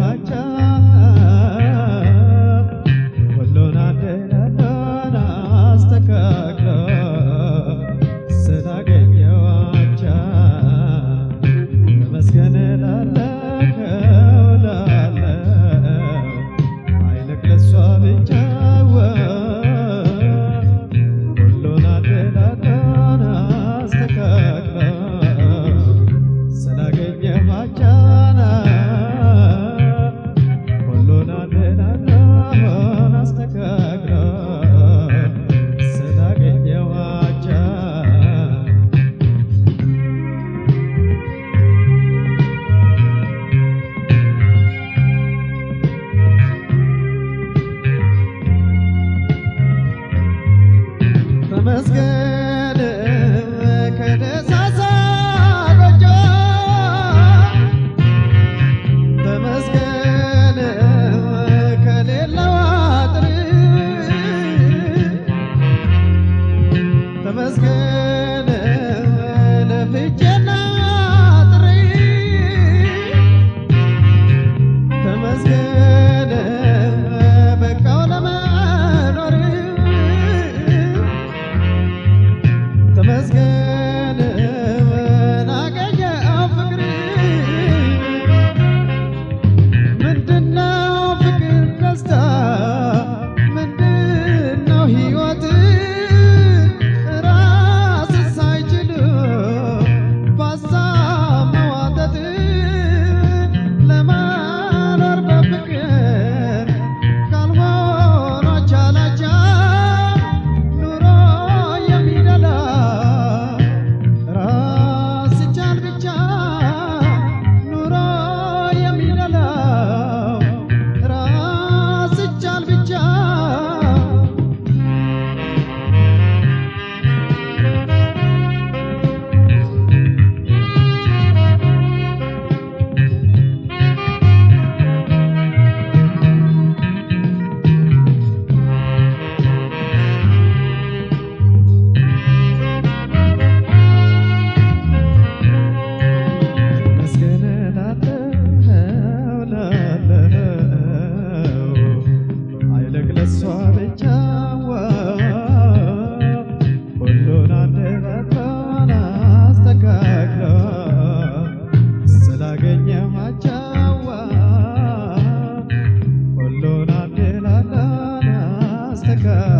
ভাষা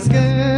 scared.